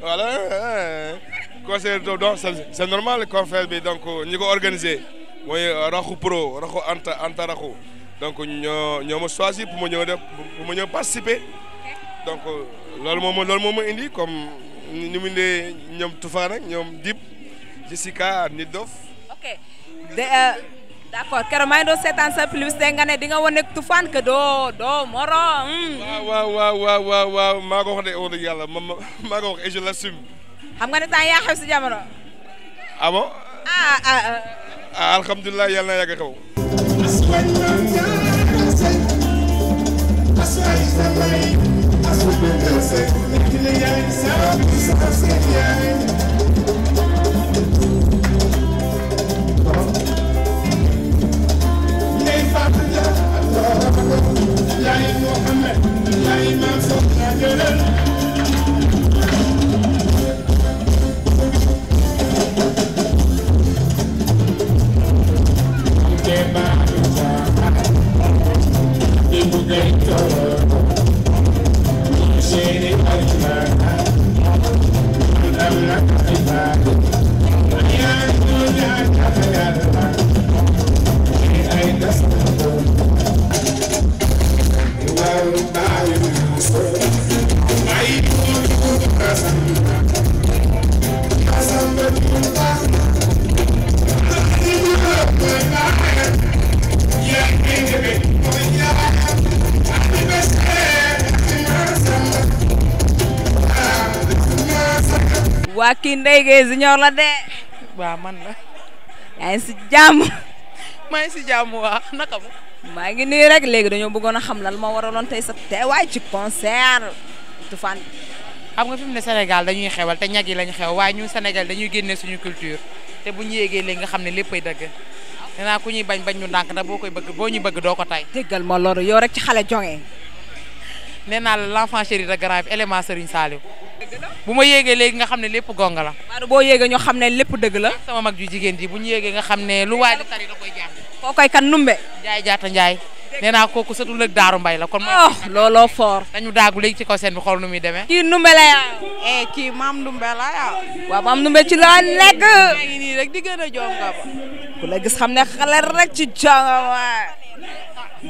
voilà concert donc c'est normal conférence bi donc ni ko organisé mooy Raxu Pro Raxu Anta Raxu donc ñoo ñoo ma choisir pour ma ñëw def pour participer donc loolu moom loolu moom indi comme ñu mu indee ñoom Tufaan ñoom Dib Jessica Nidof. ok. Euh, d'accord keroog maa ngi doon seetaan sa ne di nga wane Toofan que doo doo morom. waaw waaw maa ko de wax dëgg maa ko wax et je l'assume. nga ne temps yaa xew si jamono. ah bon. ah ah ah. alhamdulilah yàlla xew. victoire. waa kii Ndeye Gueye Junior la de. waaw man la. yaa ngi si jàmm. maa ngi si jàmm waa naka mu. maa ngi nii rek léegi dañoo bëggoon a xam lan moo waraloon tey sa teewaay ci concert Toufane. xam nga fi mu ne Sénégal dañuy xewal te ñag yi lañu xew waaye ñun Sénégal dañuy génne suñu culture te bu ñu yéegee léegi nga xam ne léppay dëgg. danaa ku ñuy bañ bañ ñu ndànk ndax boo koy bëgg boo ñu bëgg doo ko tay déggal ma loolu yow rek ci xale joŋee. nee naa la l'enfant chéri de grand élément Serigne bu ma yéegee léegi nga xam ne lépp gonga la boo yéegee ñoo xam ne lépp dëgg la sama mag ju jigéen ji bu ñu yéegee nga xam ne lu waay di tari da koo koy kan numbe njaay jaata njaay nee naa sa dul mbay la kon oh looloo foor dañu daagu léegi ci kaw seen bi xool nu muy demee kii numbe la yaa eh kii maam numbe la yaa waaw maam numbe ci la nekk maa ngi nii rek di a ku la xam ne xale rek ci jonga ba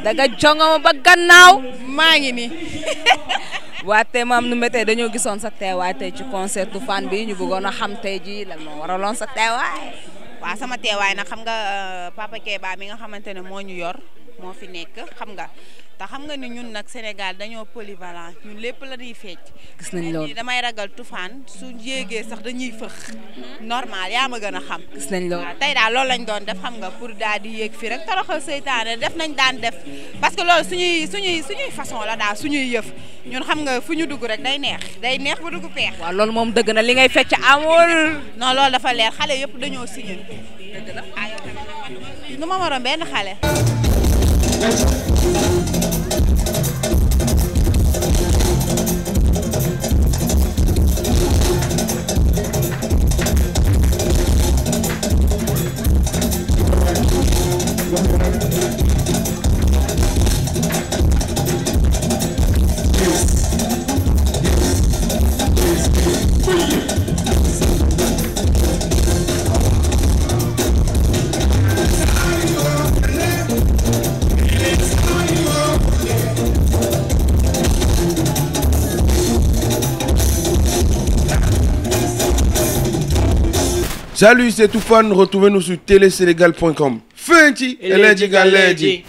da nga jonga ba gannaaw maa ngi ni waa tey maam nu méttee dañoo gisoon sa teewaay tey ci concert Fann bi ñu bëggoon a xam tey ji lan moo waraloon sa teewaay. waaw sama teewaay nag xam nga euh, Papa Keba mi nga xamante ne moo ñu yor moo fi nekk xam nga te xam nga ni ñun nag Sénégal dañoo polyvalent ñun lépp la ñuy fecc. gis nañ loolu damay ragal su yéegee sax dañuy fëx normal yaa ma gën a xam. gis nañ loolu tey daal loolu lañ doon def xam nga pour daal di yéeg fii rek toroxal seytaane def nañ daan def parce que loolu suñuy suñuy suñuy façon la daal suñuy yëf. ñun xam nga fu ñu dugg rek day neex day neex ba dugg peex. waaw loolu moom dëgg na li ngay fecc amul. non loolu dafa leer xale yépp dañoo signé. dëgg la nu ah, ma waroon benn xale. Salut, c'est Toufane. Retrouvez-nous sur télésénégal.com. Fenty, Eledi